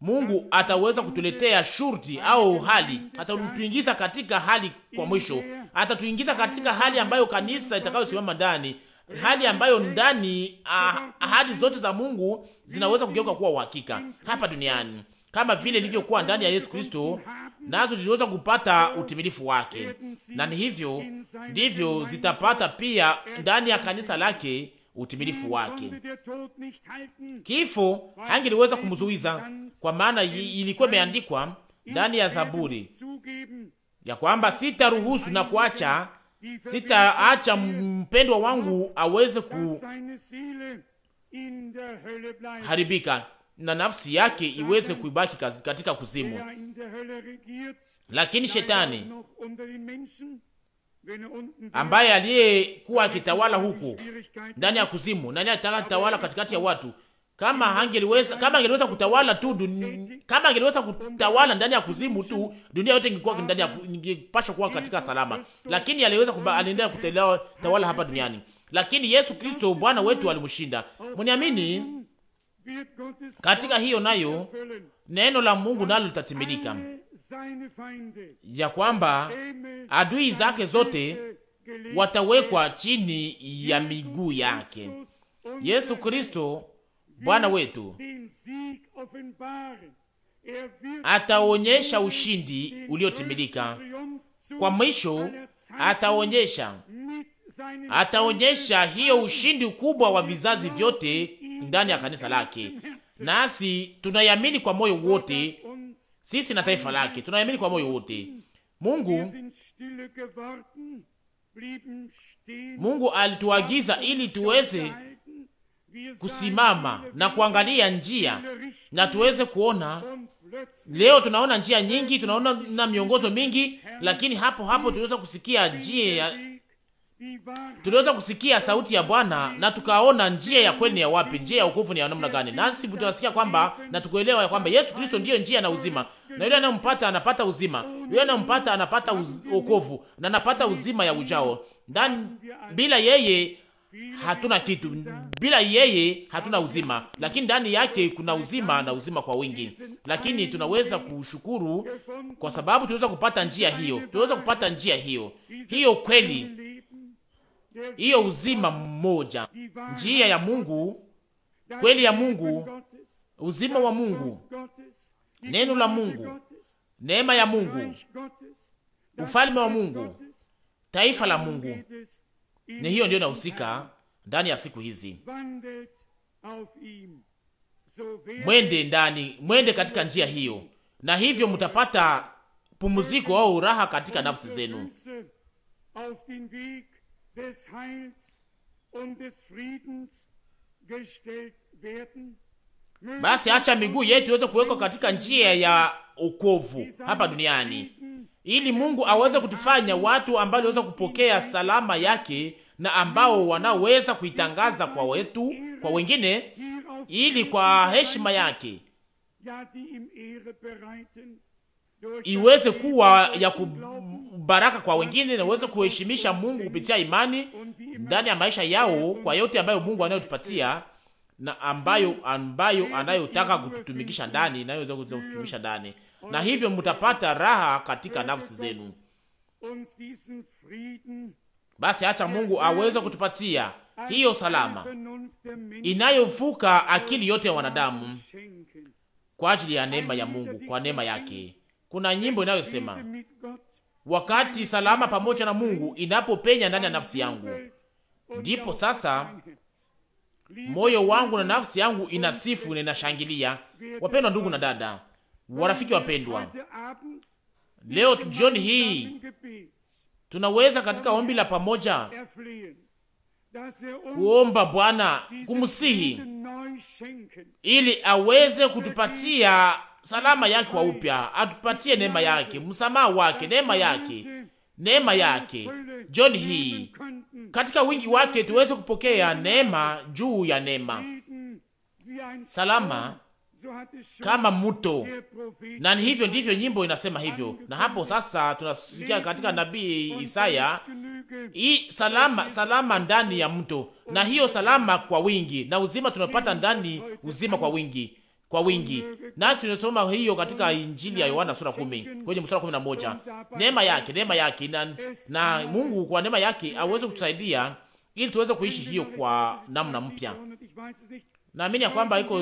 Mungu ataweza kutuletea shurti au hali, atatuingiza katika hali kwa mwisho, atatuingiza katika hali ambayo kanisa itakayosimama ndani, hali ambayo ndani ah, ahadi zote za Mungu zinaweza kugeuka kuwa uhakika hapa duniani, kama vile ilivyokuwa ndani ya Yesu Kristo nazo ziliweza kupata utimilifu wake, na ni hivyo ndivyo zitapata pia ndani ya kanisa lake utimilifu wake. Kifo hangeliweza kumzuiza, kwa maana ilikuwa imeandikwa ndani ya Zaburi ya kwamba sitaruhusu na kuacha, sitaacha mpendwa wangu aweze kuharibika na nafsi yake iweze kuibaki katika kuzimu. Lakini shetani er ambaye aliyekuwa akitawala huko ndani ya kuzimu, nani ataka kutawala er katikati ya watu? Kama angeliweza, kama angeliweza kutawala tu dun, kama angeliweza um kutawala ndani ya kuzimu tu, dunia yote ingekuwa ndani ya ingepasha kuwa katika salama, lakini aliweza aliendelea er kutawala hapa duniani. Lakini Yesu Kristo Bwana wetu alimshinda. Mniamini, katika hiyo nayo neno la Mungu nalo litatimilika ya kwamba adui zake zote watawekwa chini ya miguu yake. Yesu Kristo Bwana wetu ataonyesha ushindi uliotimilika kwa mwisho. Ataonyesha, ataonyesha hiyo ushindi kubwa wa vizazi vyote ndani ya kanisa lake, nasi tunayamini kwa moyo wote, sisi na taifa lake tunayamini kwa moyo wote. Mungu Mungu alituagiza ili tuweze kusimama na kuangalia njia na tuweze kuona. Leo tunaona njia nyingi, tunaona na miongozo mingi, lakini hapo hapo tunaweza kusikia njia tuliweza kusikia sauti ya Bwana na tukaona njia ya kweli ya wapi, njia ya wokovu ni ya namna gani, nasi tutasikia kwamba na tukuelewa ya kwamba Yesu Kristo ndiyo njia na uzima, na yule anayompata anapata uzima, yule anayompata anapata wokovu na anapata uzima ya ujao ndani. Bila yeye hatuna kitu, bila yeye hatuna uzima, lakini ndani yake kuna uzima na uzima kwa wingi. Lakini tunaweza kushukuru kwa sababu tunaweza kupata njia hiyo, tunaweza kupata njia hiyo hiyo kweli hiyo uzima mmoja, njia ya Mungu, kweli ya Mungu, uzima wa Mungu, neno la Mungu, neema ya Mungu, ufalme wa Mungu, taifa la Mungu. Ni hiyo ndiyo inahusika ndani ya siku hizi. Mwende ndani, mwende katika njia hiyo, na hivyo mtapata pumziko au raha katika nafsi zenu des Heils und des Friedens gestellt werden. Basi acha miguu yetu iweze kuwekwa katika njia ya okovu hapa duniani, ili Mungu aweze kutufanya watu ambao waweza kupokea salama yake na ambao wanaweza kuitangaza kwa wetu kwa wengine, ili kwa heshima yake iweze kuwa ya ku baraka kwa wengine na uweze kuheshimisha Mungu kupitia imani ndani ya maisha yao, kwa yote ambayo Mungu anayotupatia na ambayo ambayo anayotaka kututumikisha ndani anaweza kututumikisha ndani, na hivyo mtapata raha katika nafsi zenu. Basi acha Mungu aweze kutupatia hiyo salama inayovuka akili yote ya wanadamu kwa ajili ya neema ya Mungu, kwa neema yake. Kuna nyimbo inayosema wakati salama pamoja na Mungu inapopenya ndani ya nafsi yangu, ndipo sasa moyo wangu na nafsi yangu inasifu na inashangilia. Wapendwa ndugu na dada, warafiki wapendwa, leo jioni hii tunaweza katika ombi la pamoja kuomba Bwana kumsihi ili aweze kutupatia salama yake wa upya, atupatie neema yake, msamaha wake, neema yake, neema yake John hii katika wingi wake tuweze kupokea neema juu ya neema, salama kama muto Na ni hivyo ndivyo nyimbo inasema hivyo, na hapo sasa tunasikia katika nabii Isaya hii salama, salama ndani ya mto, na hiyo salama kwa wingi na uzima tunapata ndani, uzima kwa wingi kwa wingi. Nasi tunasoma hiyo katika Injili ya Yohana sura kumi kwenye mstari kumi na moja. Neema yake neema yake na, na Mungu kwa neema yake aweze kutusaidia ili tuweze kuishi hiyo kwa namna mpya. Naamini ya kwamba iko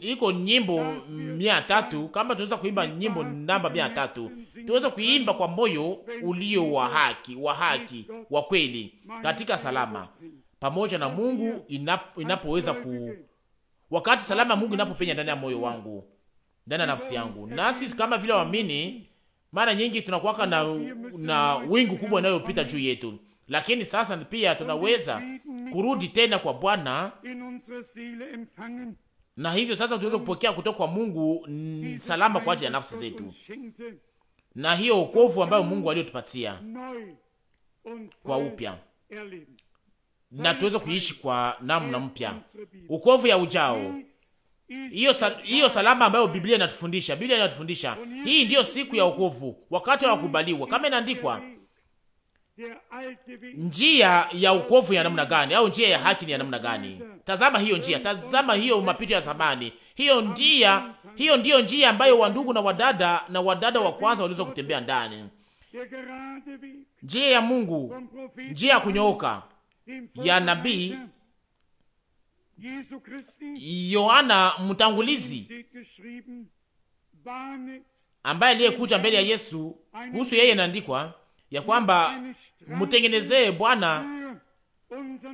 iko nyimbo mia tatu. Kama tunaweza kuimba nyimbo namba mia tatu, tuweze kuimba kwa moyo ulio wa haki wa haki wa kweli katika salama pamoja na Mungu inapoweza inapo ku wakati salama Mungu inapopenya ndani ya moyo wangu, ndani ya nafsi yangu. Nasi kama vile waamini, mara nyingi tunakuwaka na, na wingu kubwa inayopita juu yetu, lakini sasa pia tunaweza kurudi tena kwa Bwana na hivyo sasa tuweze kupokea kutoka kwa Mungu salama kwa ajili ya nafsi zetu na hiyo wokovu ambayo Mungu aliyotupatia kwa upya na tuweze kuishi kwa namna mpya, ukovu ya ujao. Hiyo hiyo sal salama ambayo Biblia inatufundisha, Biblia inatufundisha hii ndiyo siku ya ukovu, wakati wa kukubaliwa, kama inaandikwa njia ya ukovu ya namna gani, au njia ya haki ni ya namna gani? Tazama hiyo njia, tazama hiyo mapito ya zamani. Hiyo ndia, hiyo ndiyo njia ambayo wandugu na wadada na wadada wa kwanza waliweza kutembea ndani, njia ya Mungu, njia ya kunyooka ya nabii Yohana mtangulizi ambaye aliyekuja mbele ya Yesu. Kuhusu yeye inaandikwa ya kwamba mtengenezee Bwana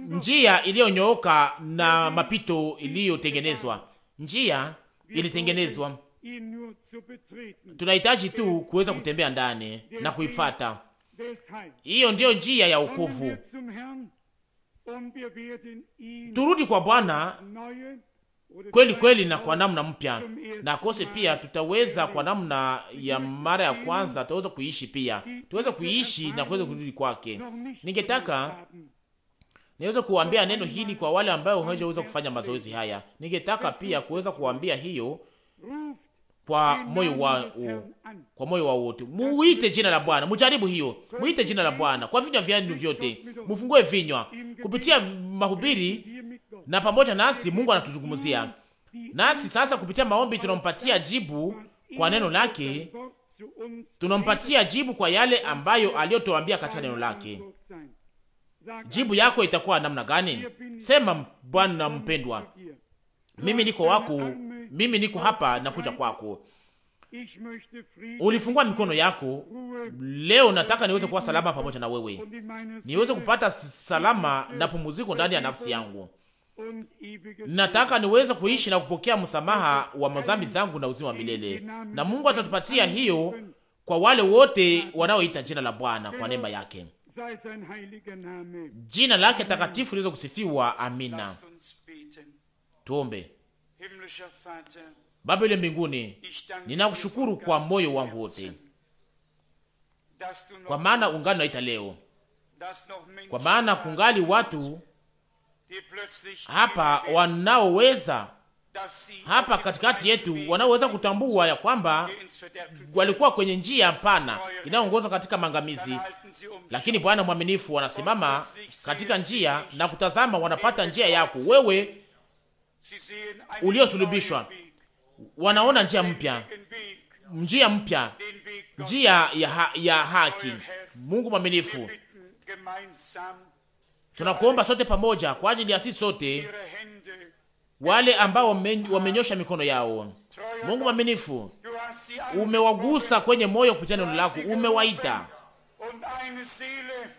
njia iliyonyooka na mapito iliyotengenezwa. Njia ilitengenezwa, tunahitaji tu kuweza kutembea ndani na kuifata. Hiyo ndiyo njia ya wokovu E turudi kwa Bwana kweli kweli na kwa namna mpya, na kose pia tutaweza kwa namna ya mara ya kwanza, tutaweza kuishi pia, tuweze kuishi na kuweza kurudi kwake. Ningetaka niweze kuambia neno hili kwa wale ambao hawajaweza kufanya mazoezi haya. Ningetaka pia kuweza kuambia hiyo kwa moyo wa kwa moyo wa wote. Muite jina la Bwana, mujaribu hiyo, muite jina la Bwana kwa vinywa vyenu vyote, mufungue vinywa kupitia mahubiri na pamoja nasi. Mungu anatuzungumzia nasi sasa kupitia maombi, tunampatia jibu kwa neno lake, tunampatia jibu kwa yale ambayo aliyotuambia katika neno lake. Jibu yako itakuwa namna gani? Sema, Bwana mpendwa, mimi niko wako mimi niko hapa kuja kwako. Ulifungua mikono yako leo, nataka niweze kuwa salama pamoja na wewe, niweze kupata salama na pumuziko ndani ya nafsi yangu. Nataka niweze kuishi na kupokea msamaha wa mazambi zangu na uzima wa milele, na Mungu atatupatia hiyo kwa wale wote wanaoita jina la Bwana kwa neema yake. Jina lake takatifu liweze kusifiwa. Amina. Tuombe. Baba ile mbinguni, ninakushukuru kwa moyo wangu wote, kwa maana ungali naita leo, kwa maana kungali watu hapa wanaoweza hapa katikati yetu wanaoweza kutambua ya kwamba walikuwa kwenye njia pana inayoongoza katika mangamizi lakini Bwana mwaminifu, wanasimama katika njia na kutazama, wanapata njia yako wewe uliosulubishwa, wanaona njia mpya, njia mpya, njia ya, ha ya haki. Mungu mwaminifu, tunakuomba sote pamoja kwa ajili ya sisi sote wale ambao wamenyosha mikono yao. Mungu mwaminifu, umewagusa kwenye moyo kupitia neno lako, umewaita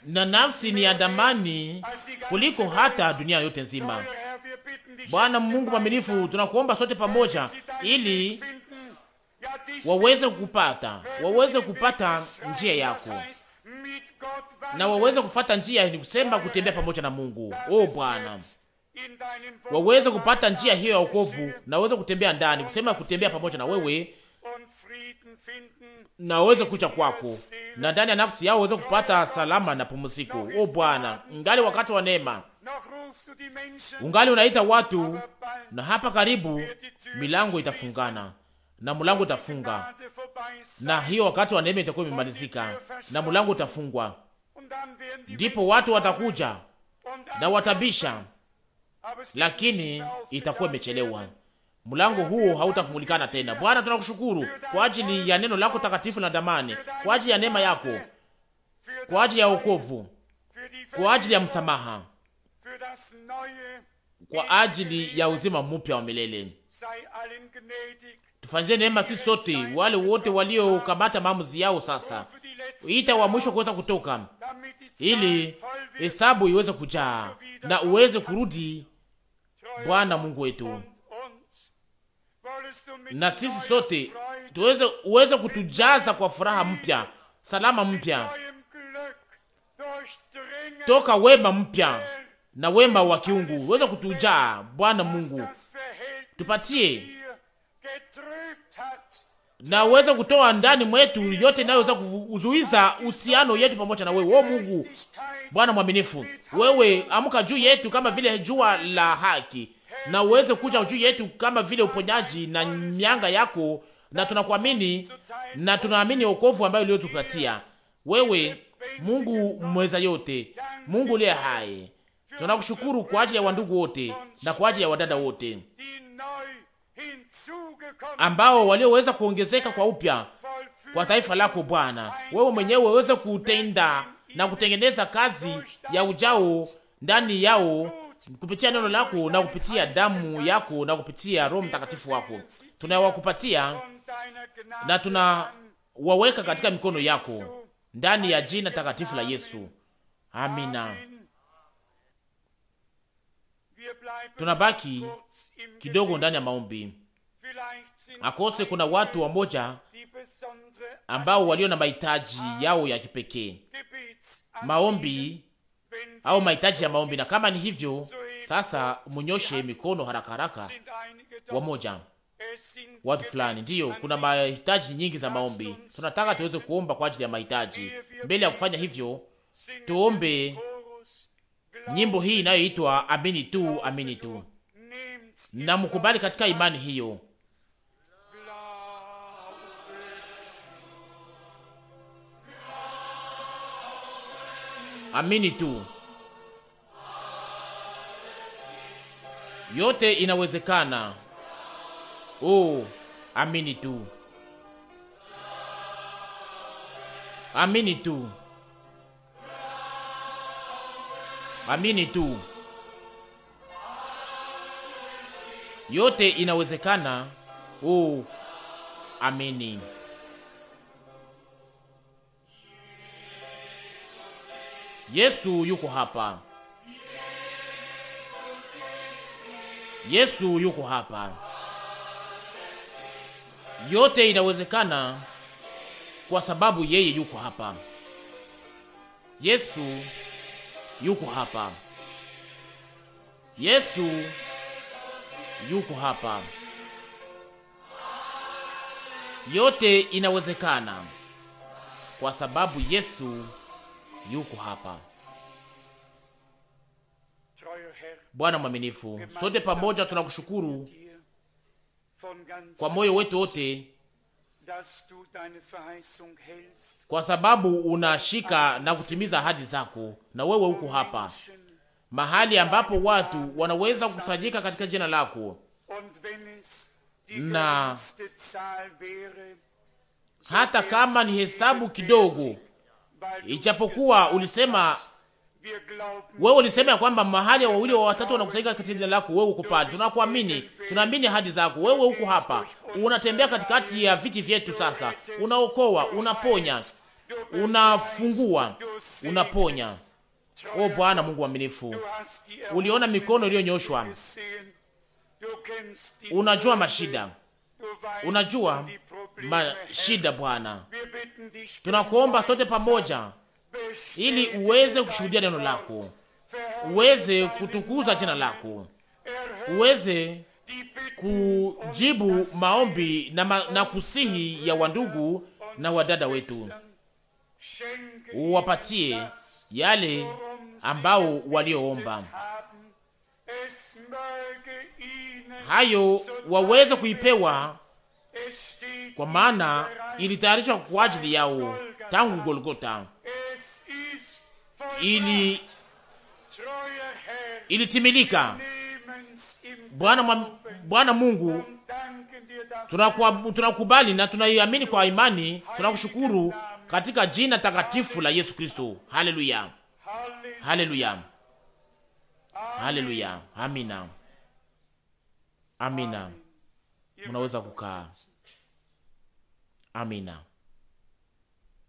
na nafsi ni ya damani kuliko hata dunia yote nzima. Bwana Mungu mwaminifu, tunakuomba sote pamoja, ili waweze kupata waweze kupata njia yako na waweze kufata njia, ni kusema kutembea pamoja na Mungu. Oh Bwana, waweze kupata njia hiyo ya wokovu na waweze kutembea ndani, kusema kutembea pamoja na wewe na waweze kucha kwako, na ndani ya nafsi yao waweze kupata salama na pumziko. Oh Bwana, ngali wakati wa neema ungali unaita watu, na hapa karibu milango itafungana na mlango utafunga, na hiyo wakati wa neema itakuwa imemalizika na mlango utafungwa, ndipo watu watakuja na watabisha, lakini itakuwa imechelewa. Mlango huo hautafungulikana tena. Bwana, tunakushukuru kwa ajili ya neno lako takatifu na damani, kwa ajili ya neema yako, kwa ajili ya wokovu, kwa ajili ya msamaha kwa ajili ya uzima mpya wa milele. Tufanyie neema sisi sote, wale wote waliokamata maamuzi yao sasa, ita wa mwisho kuweza kutoka, ili hesabu iweze kujaa na uweze kurudi Bwana Mungu wetu, na sisi sote tuweze uweze kutujaza kwa furaha mpya, salama mpya, toka wema mpya na wema wa kiungu uweze kutujaa. Bwana Mungu, tupatie na uweze kutoa ndani mwetu yote inayoweza kuzuiza uhusiano yetu pamoja na wewe. O Mungu, Bwana mwaminifu, wewe amuka juu yetu kama vile jua la haki, na uweze kuja juu yetu kama vile uponyaji na mianga yako, na tunakuamini na tunaamini wokovu ambayo uliotupatia wewe, Mungu mweza yote, Mungu uliye hai Tunakushukuru kwa ajili ya wandugu wote na kwa ajili ya wadada wote ambao walioweza kuongezeka kwa upya kwa taifa lako Bwana. Wewe mwenyewe uweze kutenda na kutengeneza kazi ya ujao ndani yao kupitia neno lako na kupitia damu yako na kupitia Roho Mtakatifu wako tunawakupatia na tunawaweka katika mikono yako ndani ya jina takatifu la Yesu, amina. tunabaki kidogo ndani ya maombi. Akose kuna watu wamoja ambao walio na mahitaji yao ya kipekee maombi au mahitaji ya maombi, na kama ni hivyo sasa, munyoshe mikono haraka haraka. Wamoja watu fulani, ndiyo, kuna mahitaji nyingi za maombi. Tunataka tuweze kuomba kwa ajili ya mahitaji. Mbele ya kufanya hivyo, tuombe nyimbo hii inayoitwa amini tu, amini tu, na mkubali katika imani hiyo. Amini tu, yote inawezekana. Oh, amini tu, amini tu. Amini tu, yote inawezekana. Oh, amini. Yesu yuko hapa, Yesu yuko hapa. Yote inawezekana kwa sababu yeye yuko hapa. Yesu yuko hapa, Yesu yuko hapa. Yote inawezekana kwa sababu Yesu yuko hapa. Bwana mwaminifu, sote pamoja tunakushukuru kwa moyo wetu wote kwa sababu unashika na kutimiza ahadi zako, na wewe uko hapa mahali ambapo watu wanaweza kukusanyika katika jina lako, na hata kama ni hesabu kidogo, ijapokuwa ulisema wewe ulisema ya kwamba mahali ya wawili wa watatu wanakusanyika katika jina lako, wewe uko pale. Tunakuamini, tunaamini ahadi zako. Wewe uko hapa, unatembea katikati ya viti vyetu. Sasa unaokoa, unaponya, unafungua, unaponya. O Bwana Mungu mwaminifu, uliona mikono iliyonyoshwa, unajua mashida, unajua mashida. Bwana, tunakuomba sote pamoja ili uweze kushuhudia neno lako, uweze kutukuza jina lako, uweze kujibu maombi na, ma, na kusihi ya wandugu na wadada wetu, uwapatie yale ambao walioomba hayo waweze kuipewa, kwa maana ilitayarishwa kwa ajili yao tangu Golgota ili ilitimilika. Bwana Bwana Mungu, tunakubali na tunaiamini kwa imani, tunakushukuru katika jina takatifu la Yesu Kristo. Haleluya, haleluya, haleluya. Amina, amina. Mnaweza kukaa. Amina.